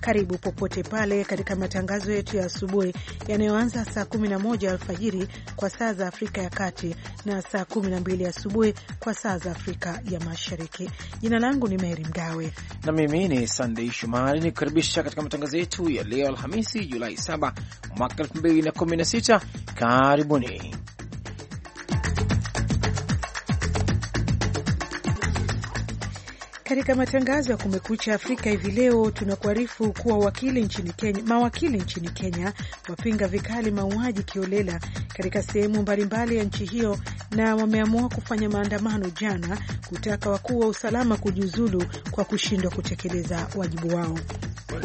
Karibu popote pale katika matangazo yetu ya asubuhi yanayoanza saa 11 alfajiri kwa saa za Afrika ya Kati na saa 12 asubuhi kwa saa za Afrika ya Mashariki. Jina langu ni Meri Mgawe na mimi ni Sandei Shumari ni kukaribisha katika matangazo yetu ya leo Alhamisi, Julai 7 mwaka 2016. Karibuni. Katika matangazo ya Kumekucha Afrika hivi leo tunakuarifu kuwa wakili nchini Kenya, mawakili nchini Kenya wapinga vikali mauaji kiolela katika sehemu mbalimbali ya nchi hiyo, na wameamua kufanya maandamano jana kutaka wakuu wa usalama kujiuzulu kwa kushindwa kutekeleza wajibu wao.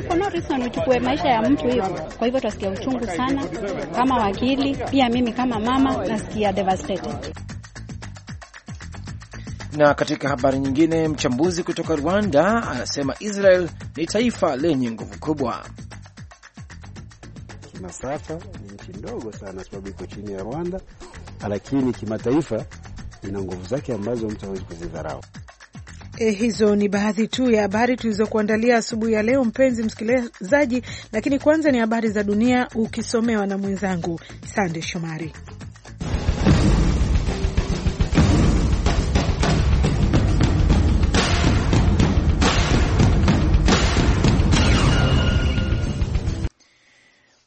Kuna reason uchukue maisha ya mtu hiyo. Kwa hivyo tunasikia uchungu sana kama wakili, pia mimi kama mama nasikia devastated. Na katika habari nyingine, mchambuzi kutoka Rwanda anasema Israel ni taifa lenye nguvu kubwa. Kimasafa ni nchi ndogo sana, sababu iko chini ya Rwanda, lakini kimataifa ina nguvu zake ambazo mtu hawezi kuzidharau. E, hizo ni baadhi tu ya habari tulizokuandalia asubuhi ya leo, mpenzi msikilizaji, lakini kwanza ni habari za dunia ukisomewa na mwenzangu Sande Shomari.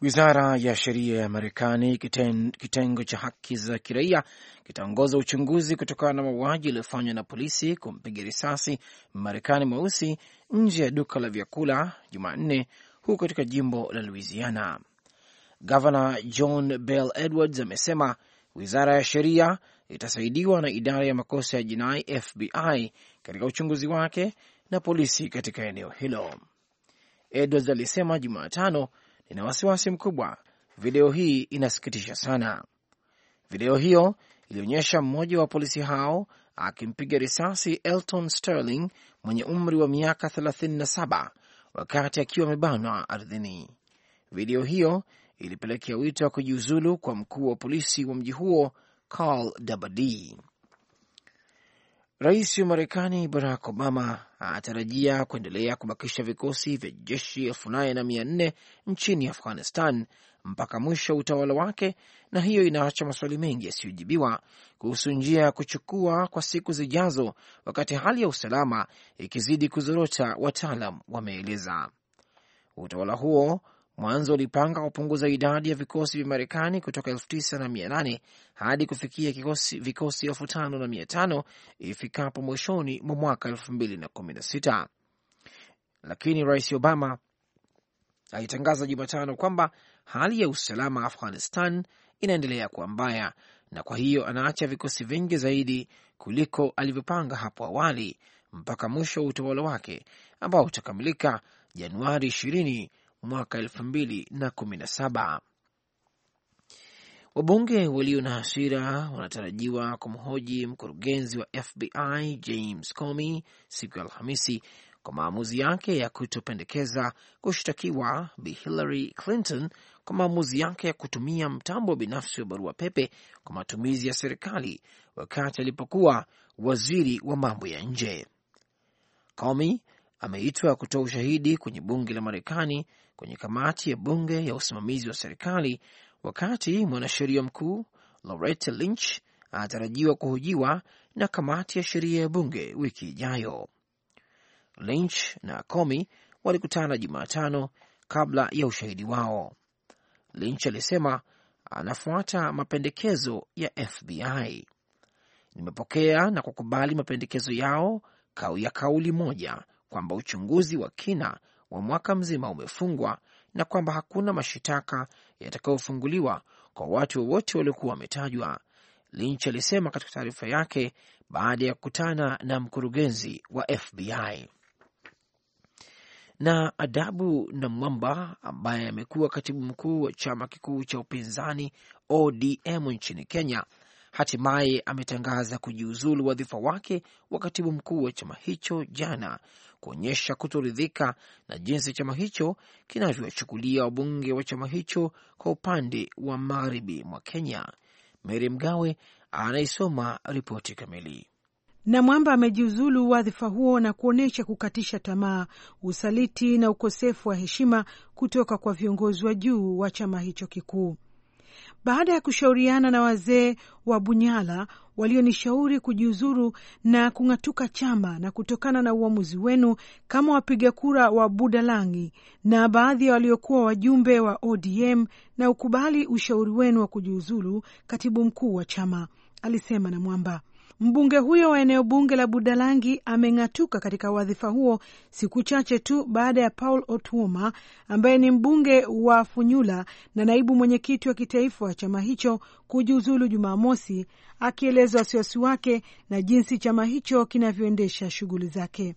Wizara ya sheria ya Marekani, kiten, kitengo cha haki za kiraia kitaongoza uchunguzi kutokana na mauaji yaliyofanywa na polisi kumpiga risasi Marekani mweusi nje ya duka la vyakula Jumanne huko katika jimbo la Louisiana. Gavana John Bell Edwards amesema wizara ya sheria itasaidiwa na idara ya makosa ya jinai FBI katika uchunguzi wake na polisi katika eneo hilo. Edwards alisema Jumatano ina wasiwasi mkubwa, video hii inasikitisha sana. Video hiyo ilionyesha mmoja wa polisi hao akimpiga risasi Elton Sterling mwenye umri wa miaka 37 wakati akiwa amebanwa ardhini. Video hiyo ilipelekea wito wa kujiuzulu kwa mkuu wa polisi wa mji huo Carl Dabadie. Rais wa Marekani Barack Obama anatarajia kuendelea kubakisha vikosi vya jeshi elfu nane na mia nne nchini Afghanistan mpaka mwisho wa utawala wake, na hiyo inaacha maswali mengi yasiyojibiwa kuhusu njia ya kuchukua kwa siku zijazo, wakati hali ya usalama ikizidi kuzorota, wataalam wameeleza. Utawala huo mwanzo ulipanga kupunguza idadi ya vikosi vya Marekani kutoka elfu tisa na mia nane hadi kufikia kikosi, vikosi elfu tano na mia tano ifikapo mwishoni mwa mwaka elfu mbili na kumi na sita lakini Rais Obama alitangaza Jumatano kwamba hali ya usalama Afghanistan inaendelea kuwa mbaya na kwa hiyo anaacha vikosi vingi zaidi kuliko alivyopanga hapo awali mpaka mwisho wa utawala wake ambao utakamilika Januari ishirini mwaka elfu mbili na kumi na saba. Wabunge walio na hasira wanatarajiwa kumhoji mkurugenzi wa FBI James Comey siku ya Alhamisi kwa maamuzi yake ya kutopendekeza kushtakiwa Bi Hillary Clinton kwa maamuzi yake ya kutumia mtambo binafsi wa barua pepe kwa matumizi ya serikali wakati alipokuwa waziri wa mambo ya nje. Comey ameitwa kutoa ushahidi kwenye bunge la Marekani kwenye kamati ya bunge ya usimamizi wa serikali, wakati mwanasheria mkuu Loretta Lynch anatarajiwa kuhojiwa na kamati ya sheria ya bunge wiki ijayo. Lynch na Comey walikutana Jumatano kabla ya ushahidi wao. Lynch alisema anafuata mapendekezo ya FBI. Nimepokea na kukubali mapendekezo yao kau ya kauli moja kwamba uchunguzi wa kina wa mwaka mzima umefungwa na kwamba hakuna mashitaka yatakayofunguliwa kwa watu wowote waliokuwa wametajwa, Lynch alisema katika taarifa yake baada ya kukutana na mkurugenzi wa FBI. Na Adabu na Mwamba ambaye amekuwa katibu mkuu wa chama kikuu cha upinzani ODM nchini Kenya hatimaye ametangaza kujiuzulu wadhifa wake wa katibu mkuu wa chama hicho jana, kuonyesha kutoridhika na jinsi chama hicho kinavyowachukulia wabunge wa chama hicho kwa upande wa magharibi mwa Kenya. Mary Mgawe anaisoma ripoti kamili. Namwamba amejiuzulu wadhifa huo na kuonyesha kukatisha tamaa, usaliti na ukosefu wa heshima kutoka kwa viongozi wa juu wa chama hicho kikuu baada ya kushauriana na wazee wa Bunyala walionishauri kujiuzuru na kung'atuka chama, na kutokana na uamuzi wenu kama wapiga kura wa Budalangi na baadhi ya waliokuwa wajumbe wa ODM, na ukubali ushauri wenu wa kujiuzuru katibu mkuu wa chama, alisema na mwamba Mbunge huyo wa eneo bunge la Budalangi ameng'atuka katika wadhifa huo siku chache tu baada ya Paul Otuoma ambaye ni mbunge wa Funyula na naibu mwenyekiti wa kitaifa wa chama hicho kujiuzulu Jumamosi, akieleza wasiwasi wake na jinsi chama hicho kinavyoendesha shughuli zake.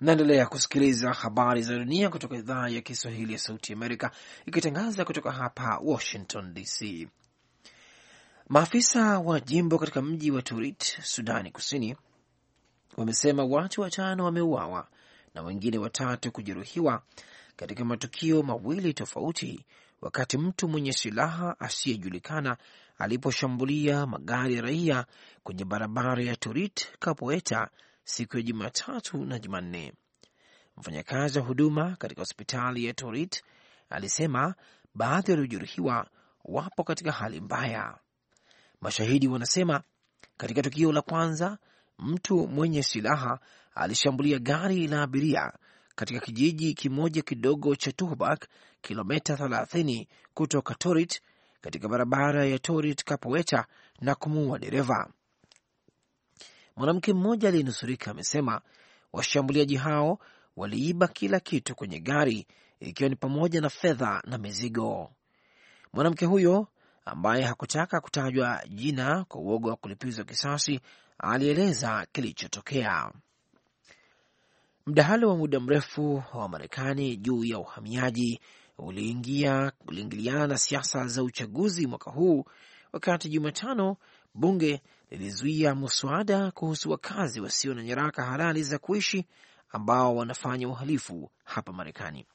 Mnaendelea kusikiliza habari za dunia kutoka idhaa ya Kiswahili ya Sauti Amerika, ikitangaza kutoka hapa Washington DC. Maafisa wa jimbo katika mji wa Turit, Sudani Kusini, wamesema watu watano wameuawa na wengine watatu kujeruhiwa katika matukio mawili tofauti, wakati mtu mwenye silaha asiyejulikana aliposhambulia magari ya raia kwenye barabara ya Turit Kapoeta siku ya Jumatatu na Jumanne. Mfanyakazi wa huduma katika hospitali ya Turit alisema baadhi waliojeruhiwa wapo katika hali mbaya. Mashahidi wanasema katika tukio la kwanza, mtu mwenye silaha alishambulia gari la abiria katika kijiji kimoja kidogo cha Tuhbak, kilomita 30 kutoka Torit, katika barabara ya Torit Kapoeta na kumuua dereva. Mwanamke mmoja aliyenusurika amesema washambuliaji hao waliiba kila kitu kwenye gari, ikiwa ni pamoja na fedha na mizigo. Mwanamke huyo ambaye hakutaka kutajwa jina kwa uoga wa kulipizwa kisasi, alieleza kilichotokea. Mdahalo wa muda mrefu wa Marekani juu ya uhamiaji uliingia kuliingiliana na siasa za uchaguzi mwaka huu, wakati Jumatano bunge lilizuia muswada kuhusu wakazi wasio na nyaraka halali za kuishi ambao wanafanya uhalifu hapa Marekani.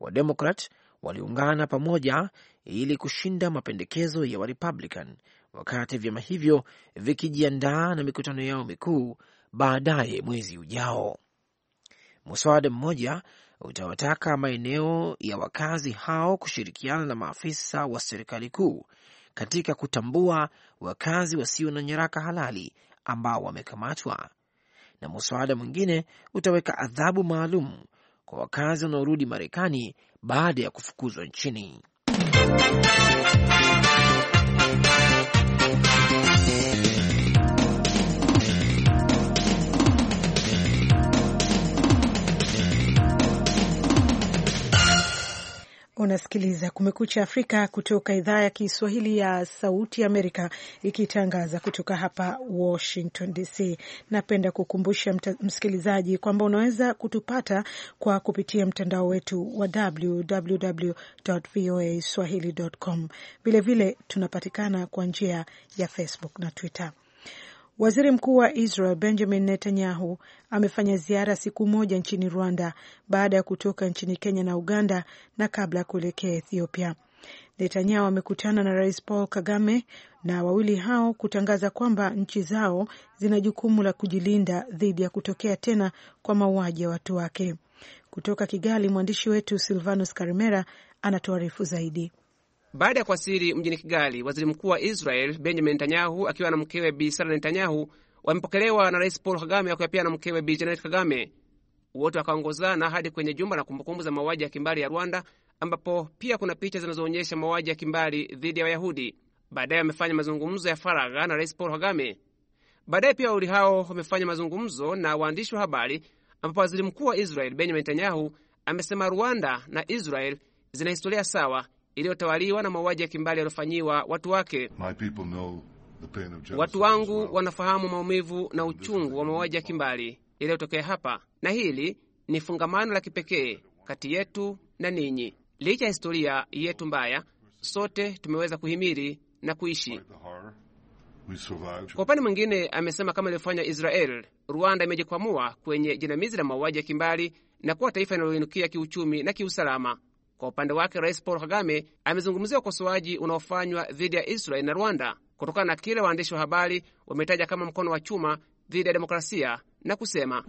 Wademokrat waliungana pamoja ili kushinda mapendekezo ya Warepublican wakati vyama hivyo vikijiandaa na mikutano yao mikuu baadaye mwezi ujao. mswada mmoja utawataka maeneo ya wakazi hao kushirikiana na maafisa wa serikali kuu katika kutambua wakazi wasio na nyaraka halali ambao wamekamatwa, na mswada mwingine utaweka adhabu maalum kwa wakazi wanaorudi Marekani baada ya kufukuzwa nchini. Unasikiliza Kumekucha Afrika kutoka idhaa ya Kiswahili ya Sauti Amerika, ikitangaza kutoka hapa Washington DC. Napenda kukumbusha msikilizaji kwamba unaweza kutupata kwa kupitia mtandao wetu wa www voa swahili com. Vilevile tunapatikana kwa njia ya Facebook na Twitter. Waziri mkuu wa Israel Benjamin Netanyahu amefanya ziara siku moja nchini Rwanda baada ya kutoka nchini Kenya na Uganda na kabla ya kuelekea Ethiopia. Netanyahu amekutana na Rais Paul Kagame na wawili hao kutangaza kwamba nchi zao zina jukumu la kujilinda dhidi ya kutokea tena kwa mauaji ya watu wake. Kutoka Kigali, mwandishi wetu Silvanus Karimera anatuarifu zaidi. Baada ya kuwasili mjini Kigali, waziri mkuu wa Israel Benjamin Netanyahu akiwa na mkewe Bi Sara Netanyahu wamepokelewa na Rais Paul Kagame akiwa pia na mkewe Bi Janet Kagame. Wote wakaongozana hadi kwenye jumba la kumbukumbu za mauaji ya kimbari ya Rwanda, ambapo pia kuna picha zinazoonyesha mauaji ya kimbari dhidi ya Wayahudi. Baadaye wamefanya mazungumzo ya faragha na Rais Paul Kagame. Baadaye pia wawili hao wamefanya mazungumzo na waandishi wa habari, ambapo waziri mkuu wa Israel Benjamin Netanyahu amesema Rwanda na Israel zina historia sawa iliyotawaliwa na mauaji ya kimbali yaliyofanyiwa watu wake. Watu wangu wanafahamu maumivu na uchungu wa mauaji ya kimbali yaliyotokea hapa, na hili ni fungamano la kipekee kati yetu na ninyi. Licha ya historia yetu mbaya, sote tumeweza kuhimili na kuishi. Kwa upande mwingine, amesema kama ilivyofanya Israel, Rwanda imejikwamua kwenye jinamizi la mauaji ya kimbali na kuwa taifa linaloinukia kiuchumi na kiusalama. Kwa upande wake, Rais Paul Kagame amezungumzia ukosoaji unaofanywa dhidi ya Israeli na Rwanda kutokana na kile waandishi wa habari wametaja kama mkono wa chuma dhidi ya demokrasia na kusema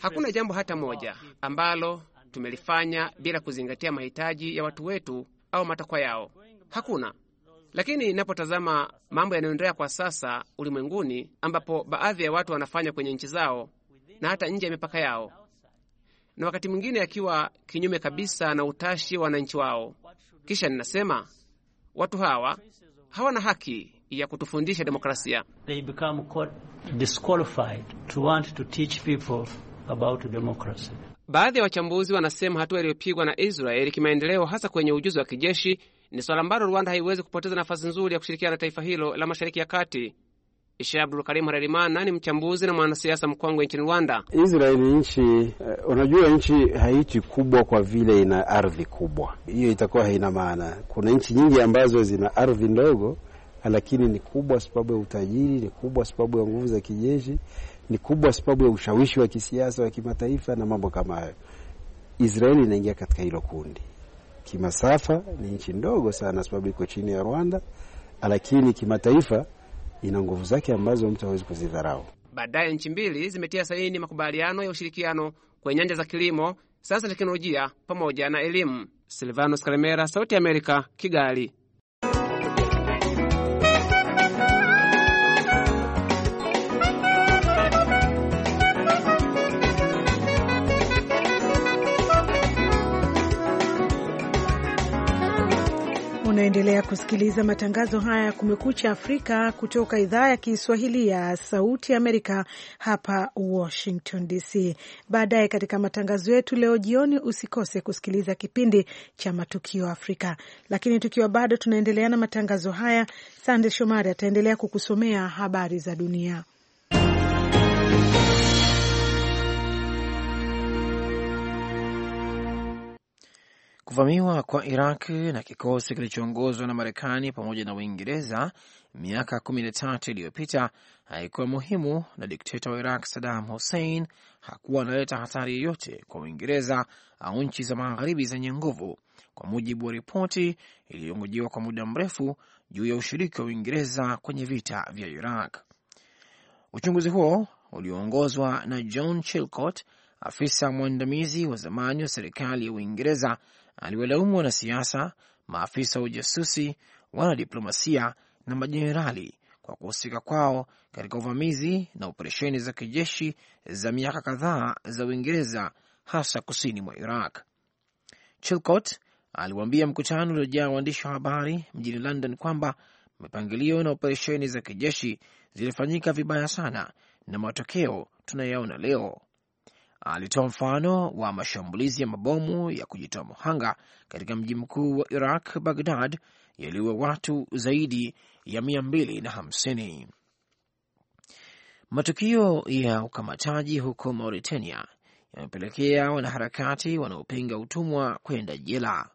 hakuna jambo hata moja ambalo tumelifanya bila kuzingatia mahitaji ya watu wetu au matakwa yao, hakuna. Lakini inapotazama mambo yanayoendelea kwa sasa ulimwenguni, ambapo baadhi ya watu wanafanya kwenye nchi zao na hata nje ya mipaka yao, na wakati mwingine akiwa kinyume kabisa na utashi wa wananchi wao. Kisha ninasema watu hawa hawana haki ya kutufundisha demokrasia. They become disqualified to want to teach people about democracy. Baadhi ya wachambuzi wanasema hatua iliyopigwa na Israeli kimaendeleo, hasa kwenye ujuzi wa kijeshi, ni swala ambalo Rwanda haiwezi kupoteza nafasi nzuri ya kushirikiana na taifa hilo la Mashariki ya Kati. Sheikh Abdul Karim Harerimana ni mchambuzi na mwanasiasa mkongwe nchini Rwanda. Israeli ni nchi, uh, unajua nchi haiti kubwa kwa vile ina ardhi kubwa, hiyo itakuwa haina maana. Kuna nchi nyingi ambazo zina ardhi ndogo lakini ni kubwa sababu ya utajiri, ni kubwa sababu ya nguvu za kijeshi, ni kubwa sababu ya ushawishi wa kisiasa wa kimataifa na mambo kama hayo. Israeli inaingia katika hilo kundi. Kimasafa ni nchi ndogo sana, sababu iko chini ya Rwanda, lakini kimataifa ina nguvu zake ambazo mtu hawezi kuzidharau. Baadaye nchi mbili zimetia saini makubaliano ya ushirikiano kwenye nyanja za kilimo, sasa teknolojia pamoja na elimu. Silvanos Kalemera, Sauti ya Amerika, Kigali. Unaendelea kusikiliza matangazo haya ya Kumekucha Afrika kutoka idhaa ya Kiswahili ya Sauti Amerika hapa Washington DC. Baadaye katika matangazo yetu leo jioni, usikose kusikiliza kipindi cha Matukio Afrika. Lakini tukiwa bado tunaendelea na matangazo haya, Sande Shomari ataendelea kukusomea habari za dunia. Kuvamiwa kwa Iraq na kikosi kilichoongozwa na Marekani pamoja na Uingereza miaka kumi na tatu iliyopita haikuwa muhimu, na dikteta wa Iraq Saddam Hussein hakuwa analeta hatari yoyote kwa Uingereza au nchi za magharibi zenye nguvu, kwa mujibu wa ripoti iliyongojiwa kwa muda mrefu juu ya ushiriki wa Uingereza kwenye vita vya Iraq. Uchunguzi huo ulioongozwa na John Chilcot, afisa mwandamizi wa zamani wa serikali ya Uingereza aliwalaumu wanasiasa, maafisa wa ujasusi, wanadiplomasia na majenerali kwa kuhusika kwao katika uvamizi na operesheni za kijeshi za miaka kadhaa za Uingereza, hasa kusini mwa Iraq. Chilcot aliwaambia mkutano uliojaa waandishi wa habari mjini London kwamba mipangilio na operesheni za kijeshi zilifanyika vibaya sana na matokeo tunayaona leo alitoa mfano wa mashambulizi ya mabomu ya kujitoa muhanga katika mji mkuu wa Iraq, Bagdad, yaliua watu zaidi ya mia mbili na hamsini. Matukio ya ukamataji huko Mauritania yamepelekea wanaharakati wanaopinga utumwa kwenda jela.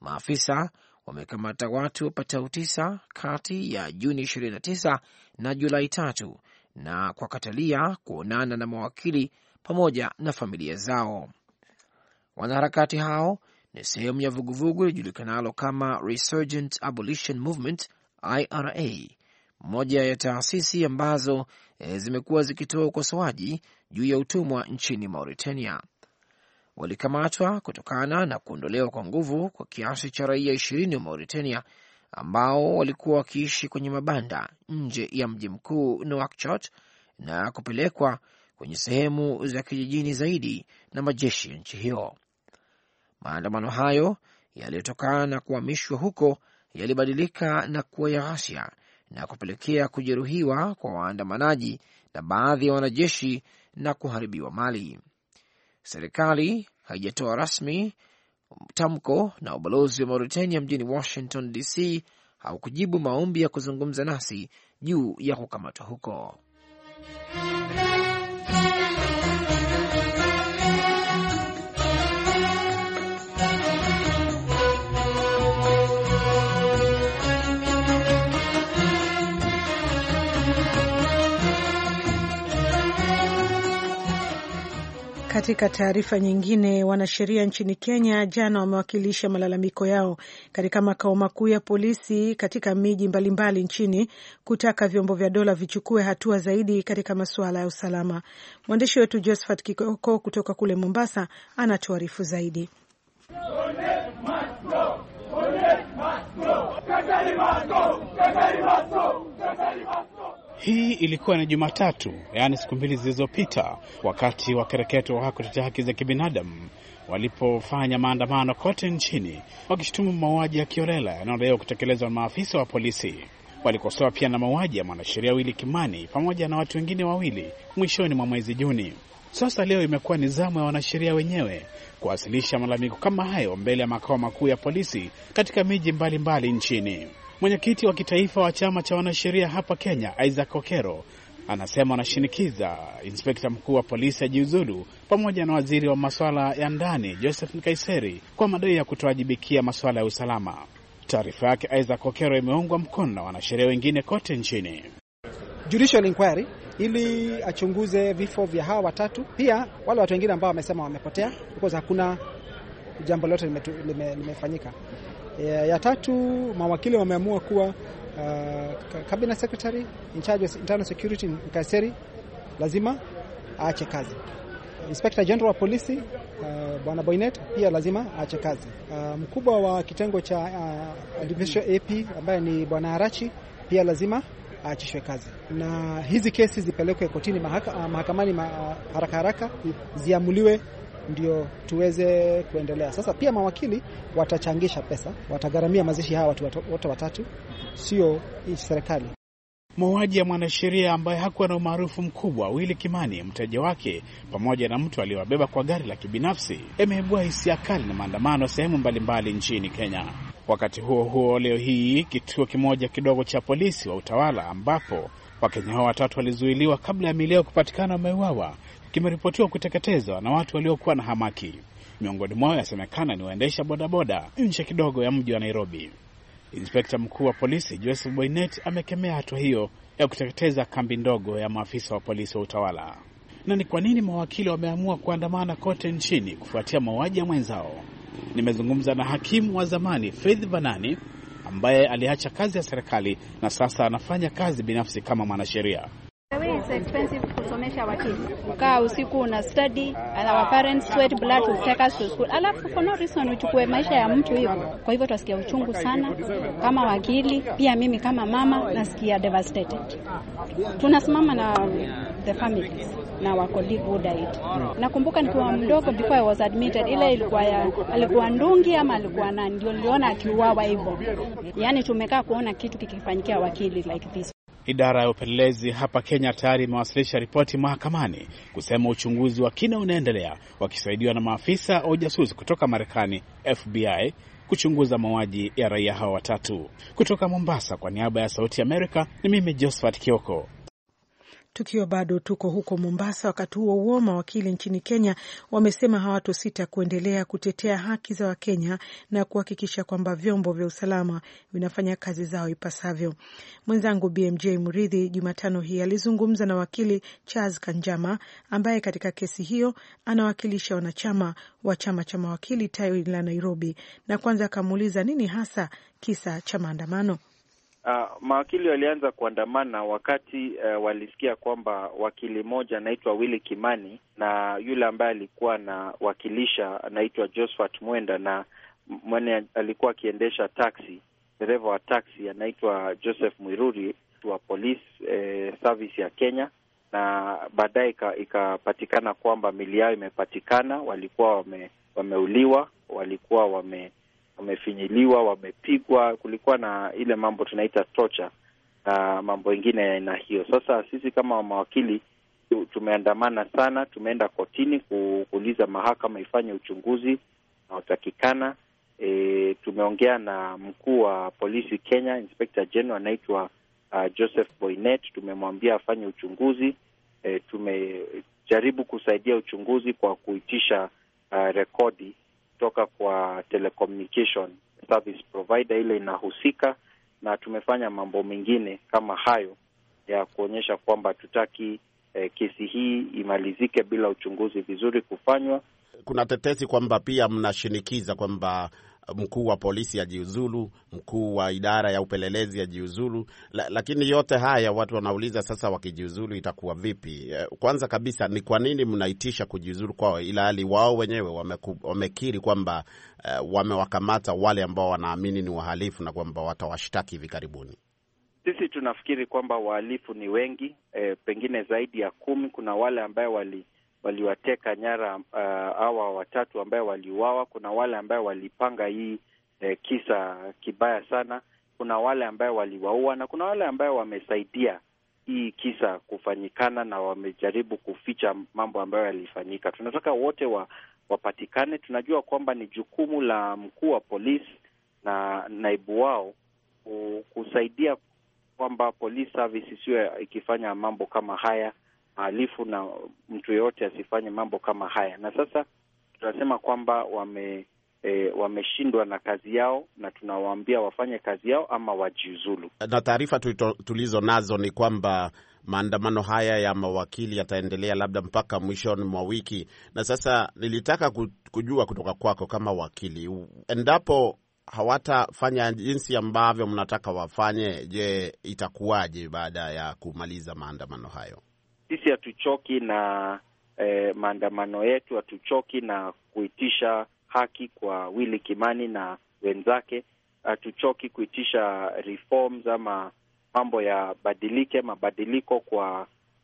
Maafisa wamekamata watu wapatao tisa kati ya Juni 29 na Julai tatu na kwa katalia kuonana na mawakili pamoja na familia zao. Wanaharakati hao ni sehemu ya vuguvugu lijulikanalo kama Resurgent Abolition Movement IRA, moja ya taasisi ambazo e, zimekuwa zikitoa ukosoaji juu ya utumwa nchini Mauritania. Walikamatwa kutokana na kuondolewa kwa nguvu kwa kiasi cha raia ishirini wa Mauritania ambao walikuwa wakiishi kwenye mabanda nje ya mji mkuu Nouakchott na kupelekwa kwenye sehemu za kijijini zaidi na majeshi ya nchi hiyo. Maandamano hayo yaliyotokana na kuhamishwa huko yalibadilika na kuwa ya ghasia na kupelekea kujeruhiwa kwa waandamanaji na baadhi ya wanajeshi na kuharibiwa mali. Serikali haijatoa rasmi tamko na ubalozi wa Mauritania mjini Washington DC haukujibu maombi ya kuzungumza nasi juu ya kukamatwa huko. Katika taarifa nyingine, wanasheria nchini Kenya jana wamewakilisha malalamiko yao katika makao makuu ya polisi katika miji mbalimbali nchini kutaka vyombo vya dola vichukue hatua zaidi katika masuala ya usalama. Mwandishi wetu Josephat Kikoko kutoka kule Mombasa anatuarifu zaidi. Hii ilikuwa ni Jumatatu, yaani siku mbili zilizopita, wakati wakereketo wa kutetea haki za kibinadamu walipofanya maandamano kote nchini wakishutumu mauaji ya kiorela yanayodaiwa kutekelezwa na maafisa wa polisi. Walikosoa pia na mauaji ya mwanasheria Willy Kimani pamoja na watu wengine wawili mwishoni mwa mwezi Juni. Sasa leo imekuwa ni zamu ya wanasheria wenyewe kuwasilisha malalamiko kama hayo mbele ya makao makuu ya polisi katika miji mbalimbali mbali nchini. Mwenyekiti wa kitaifa wa chama cha wanasheria hapa Kenya, Isaac Okero, anasema anashinikiza inspekta mkuu wa polisi ajiuzulu pamoja na waziri wa masuala ya ndani Joseph Nkaiseri kwa madai ya kutowajibikia masuala ya usalama. Taarifa yake Isaac Okero imeungwa mkono na wanasheria wengine kote nchini. Judicial inquiry ili achunguze vifo vya hawa watatu, pia wale watu wengine ambao wamesema wamepotea, because hakuna jambo lolote lime, lime, limefanyika. Ya, eh, ya tatu mawakili wameamua kuwa uh, cabinet secretary in charge of internal security Kaseri lazima aache kazi. Inspector General wa polisi uh, bwana Boynet pia lazima aache kazi. Uh, mkubwa wa kitengo cha uh, administration AP ambaye ni bwana Harachi pia lazima aachishwe kazi, na hizi kesi zipelekwe kotini mahaka, uh, mahakamani ma, uh, haraka haraka ziamuliwe ndio tuweze kuendelea. Sasa pia mawakili watachangisha pesa, watagharamia mazishi hawa watu wote watatu, sio serikali. Mauaji ya mwanasheria ambaye hakuwa na umaarufu mkubwa Willy Kimani, mteja wake, pamoja na mtu aliyowabeba kwa gari la kibinafsi, yameibua hisia kali na maandamano sehemu mbalimbali nchini Kenya. Wakati huo huo, leo hii kituo kimoja kidogo cha polisi wa utawala ambapo Wakenya hao watatu walizuiliwa kabla ya mileo kupatikana wameuawa kimeripotiwa kuteketezwa na watu waliokuwa na hamaki. Miongoni mwao yasemekana ni waendesha bodaboda nje kidogo ya mji wa Nairobi. Inspekta mkuu wa polisi Joseph Boynet amekemea hatua hiyo ya kuteketeza kambi ndogo ya maafisa wa polisi wa utawala. Na ni kwa nini mawakili wameamua kuandamana kote nchini kufuatia mauaji ya mwenzao? Nimezungumza na hakimu wa zamani Faith Banani ambaye aliacha kazi ya serikali na sasa anafanya kazi binafsi kama mwanasheria kuonyesha watoto, ukaa usiku una study and our parents sweat blood to take us to school, alafu for no reason uchukue maisha ya mtu hivyo. Kwa hivyo tunasikia uchungu sana kama wakili, pia mimi kama mama nasikia devastated. Tunasimama na the families na wa colleague died. Nakumbuka nikiwa mdogo before I was admitted, ile ilikuwa ya alikuwa ndungi ama alikuwa nani, ndio niliona akiuawa hivyo. Yani tumekaa kuona kitu kikifanyikia wakili like this. Idara ya upelelezi hapa Kenya tayari imewasilisha ripoti mahakamani kusema uchunguzi wa kina unaendelea, wakisaidiwa na maafisa wa ujasusi kutoka Marekani, FBI, kuchunguza mauaji ya raia hao watatu. Kutoka Mombasa, kwa niaba ya Sauti Amerika, ni mimi Josephat Kioko. Tukiwa bado tuko huko Mombasa, wakati huo huo, mawakili nchini Kenya wamesema hawatosita kuendelea kutetea haki za Wakenya na kuhakikisha kwamba vyombo vya usalama vinafanya kazi zao ipasavyo. Mwenzangu BMJ mridhi Jumatano hii alizungumza na wakili Charles Kanjama ambaye katika kesi hiyo anawakilisha wanachama wa chama cha mawakili tawi la Nairobi, na kwanza akamuuliza nini hasa kisa cha maandamano. Uh, mawakili walianza kuandamana wakati uh, walisikia kwamba wakili mmoja anaitwa Willy Kimani na yule ambaye alikuwa anawakilisha anaitwa Josephat Mwenda na mwene alikuwa akiendesha taxi, dereva wa taxi anaitwa Joseph Mwiruri wa police eh, service ya Kenya, na baadaye ikapatikana kwamba mili yao imepatikana. Walikuwa wame, wameuliwa, walikuwa wame wamefinyiliwa, wamepigwa, kulikuwa na ile mambo tunaita torture na mambo ingine ya aina hiyo. Sasa sisi kama mawakili tumeandamana sana, tumeenda kotini kuuliza mahakama ifanye uchunguzi unaotakikana. E, tumeongea na mkuu wa polisi Kenya, Inspector General anaitwa uh, Joseph Boynet. Tumemwambia afanye uchunguzi. E, tumejaribu kusaidia uchunguzi kwa kuitisha uh, rekodi kutoka kwa telecommunication service provider ile inahusika, na tumefanya mambo mengine kama hayo ya kuonyesha kwamba tutaki eh, kesi hii imalizike bila uchunguzi vizuri kufanywa. Kuna tetesi kwamba pia mnashinikiza kwamba mkuu wa polisi ajiuzulu, mkuu wa idara ya upelelezi ajiuzulu. La, lakini yote haya watu wanauliza sasa, wakijiuzulu itakuwa vipi? Eh, kwanza kabisa ni kwa nini mnaitisha kujiuzulu kwao, ila hali wao wenyewe wameku, wamekiri kwamba uh, wamewakamata wale ambao wanaamini ni wahalifu na kwamba watawashtaki hivi karibuni. Sisi tunafikiri kwamba wahalifu ni wengi, e, pengine zaidi ya kumi. Kuna wale ambaye wali waliwateka nyara uh, hawa uh, watatu ambaye waliuawa. Kuna wale ambaye walipanga hii eh, kisa kibaya sana. Kuna wale ambaye waliwaua na kuna wale ambaye wamesaidia hii kisa kufanyikana na wamejaribu kuficha mambo ambayo yalifanyika. Tunataka wote wa, wapatikane. Tunajua kwamba ni jukumu la mkuu wa polisi na naibu wao kusaidia kwamba police service isiwe ikifanya mambo kama haya halifu na mtu yeyote asifanye mambo kama haya. Na sasa tunasema kwamba wame E, wameshindwa na kazi yao na tunawaambia wafanye kazi yao ama wajiuzulu. Na taarifa tulizo nazo ni kwamba maandamano haya ya mawakili yataendelea labda mpaka mwishoni mwa wiki. Na sasa nilitaka kujua kutoka kwako kama wakili, endapo hawatafanya jinsi ambavyo mnataka wafanye, je, itakuwaje baada ya kumaliza maandamano hayo? sisi hatuchoki na eh, maandamano yetu, hatuchoki na kuitisha haki kwa Willy Kimani na wenzake, hatuchoki kuitisha reforms ama mambo ya badilike mabadiliko kwa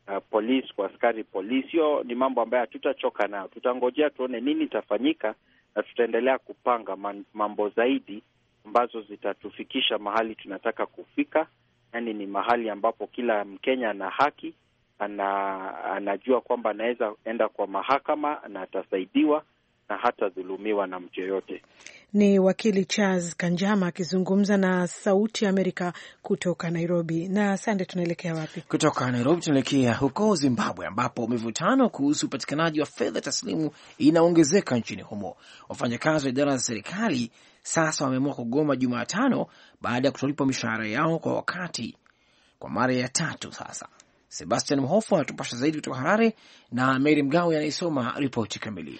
uh, eh, polisi, kwa askari polisi. Hiyo ni mambo ambayo hatutachoka nayo, tutangojea tuone nini itafanyika, na tutaendelea kupanga man, mambo zaidi ambazo zitatufikisha mahali tunataka kufika, yani ni mahali ambapo kila Mkenya ana haki ana, anajua kwamba anaweza enda kwa mahakama na atasaidiwa na hatadhulumiwa na mtu yoyote. Ni wakili Charles Kanjama akizungumza na Sauti ya Amerika kutoka Nairobi. Na Sande, tunaelekea wapi? Kutoka Nairobi tunaelekea huko Zimbabwe, ambapo mivutano kuhusu upatikanaji wa fedha taslimu inaongezeka nchini humo. Wafanyakazi wa idara za serikali sasa wameamua kugoma Jumatano baada ya kutolipwa mishahara yao kwa wakati kwa mara ya tatu sasa. Sebastian Mhofu anatupasha zaidi kutoka Harare na Meri Mgawe anayesoma ripoti kamili.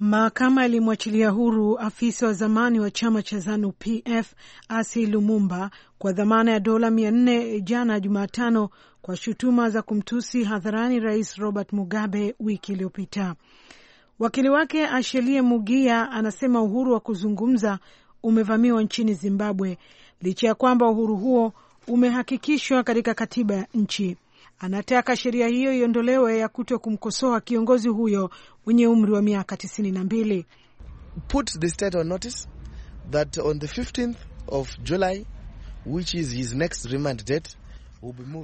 Mahakama ilimwachilia huru afisa wa zamani wa chama cha ZANU PF Asi Lumumba kwa dhamana ya dola mia nne jana Jumatano kwa shutuma za kumtusi hadharani Rais Robert Mugabe wiki iliyopita. Wakili wake Ashelie Mugia anasema uhuru wa kuzungumza umevamiwa nchini Zimbabwe licha ya kwamba uhuru huo umehakikishwa katika katiba ya nchi anataka sheria hiyo iondolewe ya kuto kumkosoa kiongozi huyo mwenye umri wa miaka 92. Put the state on notice that on the 15th of July which is his next remand date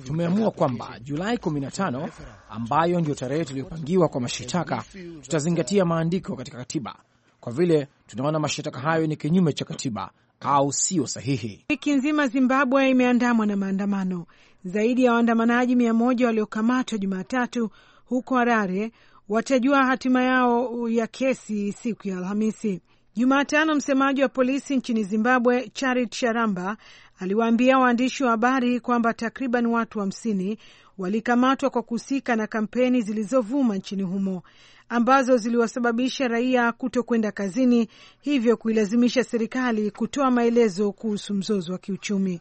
Tumeamua kwamba Julai 15 ambayo ndiyo tarehe tuliyopangiwa kwa mashitaka, tutazingatia maandiko katika katiba, kwa vile tunaona mashitaka hayo ni kinyume cha katiba au sio sahihi. Wiki nzima Zimbabwe imeandamwa na maandamano. Zaidi ya waandamanaji mia moja waliokamatwa Jumatatu huko Harare watajua hatima yao ya kesi siku ya Alhamisi. Jumatano, msemaji wa polisi nchini Zimbabwe Charit Sharamba aliwaambia waandishi wa habari kwamba takriban watu hamsini wa walikamatwa kwa kuhusika na kampeni zilizovuma nchini humo ambazo ziliwasababisha raia kuto kwenda kazini, hivyo kuilazimisha serikali kutoa maelezo kuhusu mzozo wa kiuchumi.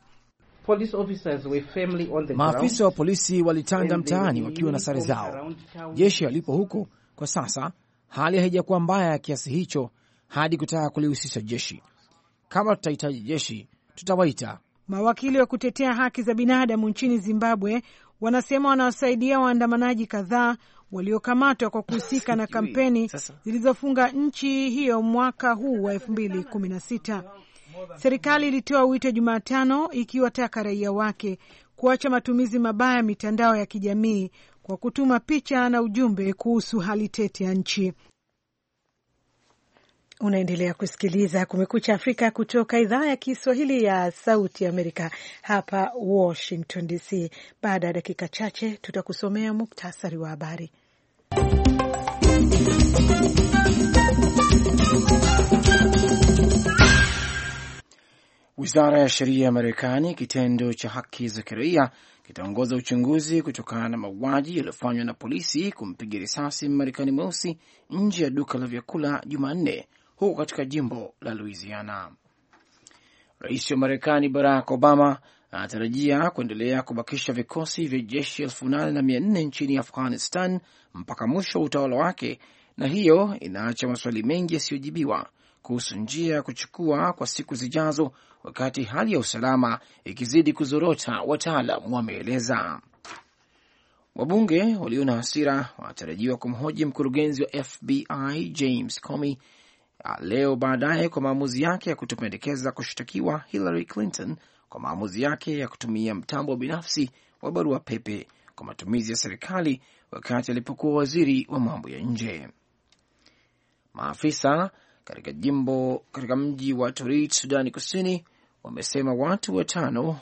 Maafisa wa polisi walitanda mtaani wakiwa na sare zao. Jeshi alipo huko kwa sasa, hali haijakuwa mbaya ya kiasi hicho hadi kutaka kulihusisha jeshi. Kama tutahitaji jeshi, tutawaita. Mawakili wa kutetea haki za binadamu nchini Zimbabwe wanasema wanawasaidia waandamanaji kadhaa waliokamatwa kwa kuhusika na kampeni zilizofunga nchi hiyo mwaka huu wa sita. Serikali ilitoa wito Jumatano ikiwataka raia wake kuacha matumizi mabaya ya mitandao ya kijamii kwa kutuma picha na ujumbe kuhusu hali tete ya nchi. Unaendelea kusikiliza Kumekucha Afrika kutoka idhaa ya Kiswahili ya Sauti Amerika hapa Washington DC. Baada ya dakika chache, tutakusomea muktasari wa habari. Wizara ya sheria ya Marekani, kitendo cha haki za kiraia, kitaongoza uchunguzi kutokana na mauaji yaliyofanywa na polisi kumpiga risasi marekani mweusi nje ya duka la vyakula Jumanne huko katika jimbo la Louisiana. Rais wa Marekani Barack Obama anatarajia kuendelea kubakisha vikosi vya jeshi elfu nane na mia nne nchini Afghanistan mpaka mwisho wa utawala wake, na hiyo inaacha maswali mengi yasiyojibiwa kuhusu njia ya kuchukua kwa siku zijazo, wakati hali ya usalama ikizidi kuzorota, wataalam wameeleza. Wabunge walio na hasira wanatarajiwa kumhoji mkurugenzi wa FBI James Comey leo baadaye kwa maamuzi yake ya kutopendekeza kushtakiwa Hillary Clinton kwa maamuzi yake ya kutumia mtambo binafsi wa barua pepe kwa matumizi ya serikali wakati alipokuwa waziri wa mambo ya nje. Maafisa katika jimbo katika mji wa Torit, Sudani Kusini, wamesema watu watano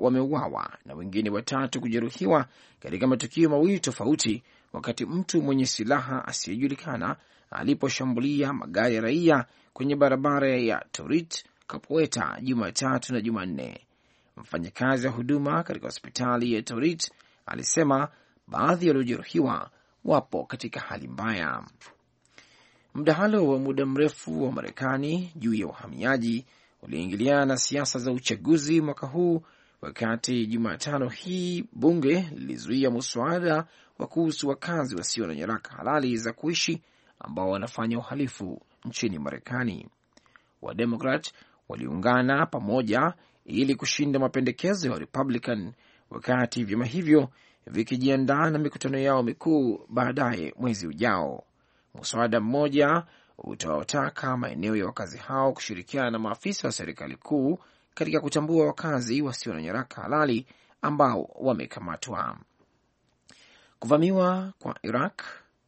wameuawa na wengine watatu kujeruhiwa katika matukio mawili tofauti, wakati mtu mwenye silaha asiyejulikana aliposhambulia magari ya raia kwenye barabara ya Torit Kapweta Jumatatu na Jumanne. Mfanyakazi wa huduma katika hospitali ya Torit alisema baadhi waliojeruhiwa wapo katika hali mbaya. Mdahalo wa muda mrefu wa Marekani juu ya uhamiaji uliingiliana na siasa za uchaguzi mwaka huu, wakati Jumatano hii bunge lilizuia muswada wa kuhusu wakazi wasio na nyaraka halali za kuishi ambao wanafanya uhalifu nchini Marekani. Wademokrat waliungana pamoja ili kushinda mapendekezo ya wa Republican wakati vyama hivyo vikijiandaa na mikutano yao mikuu baadaye mwezi ujao. Mswada mmoja utawataka maeneo ya wakazi hao kushirikiana na maafisa wa serikali kuu katika kutambua wakazi wasio na nyaraka halali ambao wamekamatwa. Kuvamiwa kwa Iraq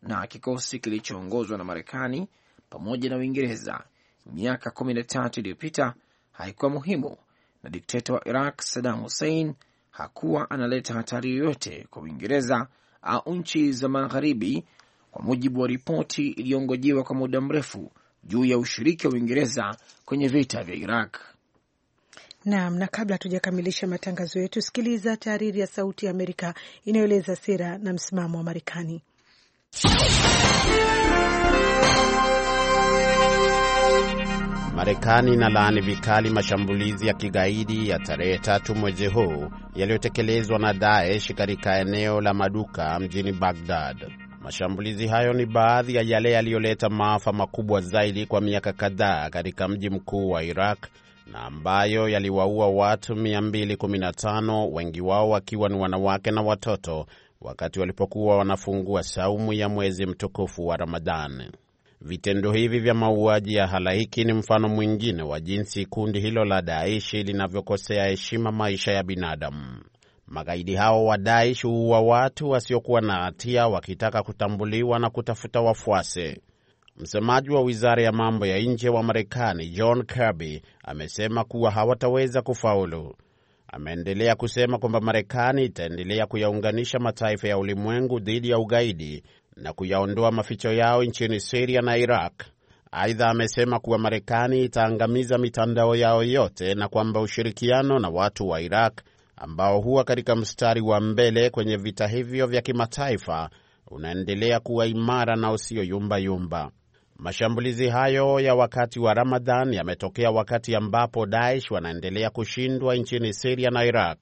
na kikosi kilichoongozwa na Marekani pamoja na Uingereza miaka kumi na tatu iliyopita haikuwa muhimu na dikteta wa Iraq Saddam Hussein hakuwa analeta hatari yoyote kwa Uingereza au nchi za Magharibi, kwa mujibu wa ripoti iliyongojewa kwa muda mrefu juu ya ushiriki wa Uingereza kwenye vita vya Iraq. Naam, na kabla hatujakamilisha matangazo yetu, sikiliza tahariri ya Sauti ya Amerika inayoeleza sera na msimamo wa Marekani. Marekani inalaani vikali mashambulizi ya kigaidi ya tarehe tatu mwezi huu yaliyotekelezwa na Daesh katika eneo la maduka mjini Bagdad. Mashambulizi hayo ni baadhi ya yale yaliyoleta maafa makubwa zaidi kwa miaka kadhaa katika mji mkuu wa Iraq na ambayo yaliwaua watu 215 wengi wao wakiwa ni wanawake na watoto wakati walipokuwa wanafungua saumu ya mwezi mtukufu wa Ramadhani. Vitendo hivi vya mauaji ya halaiki ni mfano mwingine wa jinsi kundi hilo la Daeshi linavyokosea heshima maisha ya binadamu. Magaidi hao wa Daesh huua watu wasiokuwa na hatia wakitaka kutambuliwa na kutafuta wafuasi. Msemaji wa wizara ya mambo ya nje wa Marekani John Kirby amesema kuwa hawataweza kufaulu. Ameendelea kusema kwamba Marekani itaendelea kuyaunganisha mataifa ya ulimwengu dhidi ya ugaidi na kuyaondoa maficho yao nchini Siria na Iraq. Aidha, amesema kuwa Marekani itaangamiza mitandao yao yote na kwamba ushirikiano na watu wa Iraq ambao huwa katika mstari wa mbele kwenye vita hivyo vya kimataifa unaendelea kuwa imara na usiyoyumbayumba. Mashambulizi hayo ya wakati wa Ramadhan yametokea wakati ambapo Daesh wanaendelea kushindwa nchini Siria na Iraq.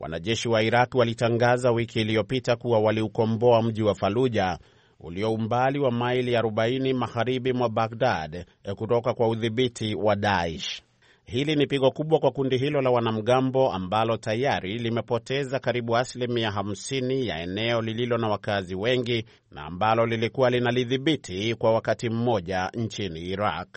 Wanajeshi wa Iraq walitangaza wiki iliyopita kuwa waliukomboa mji wa Faluja ulio umbali wa maili 40 magharibi mwa Bagdad e, kutoka kwa udhibiti wa Daesh. Hili ni pigo kubwa kwa kundi hilo la wanamgambo ambalo tayari limepoteza karibu asilimia 50 ya eneo lililo na wakazi wengi na ambalo lilikuwa linalidhibiti kwa wakati mmoja nchini Iraq.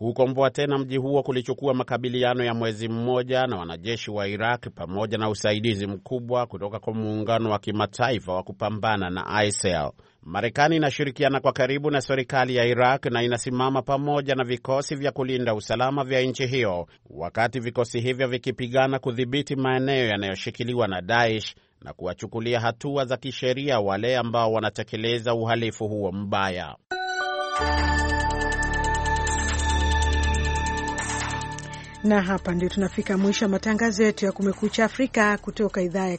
Kuukomboa tena mji huo kulichukua makabiliano ya mwezi mmoja na wanajeshi wa Iraq pamoja na usaidizi mkubwa kutoka kwa muungano wa kimataifa wa kupambana na ISIL. Marekani inashirikiana kwa karibu na serikali ya Iraq na inasimama pamoja na vikosi vya kulinda usalama vya nchi hiyo, wakati vikosi hivyo vikipigana kudhibiti maeneo yanayoshikiliwa na Daesh na kuwachukulia hatua za kisheria wale ambao wanatekeleza uhalifu huo mbaya. na hapa ndio tunafika mwisho wa matangazo yetu ya Kumekucha Afrika kutoka idhaa ya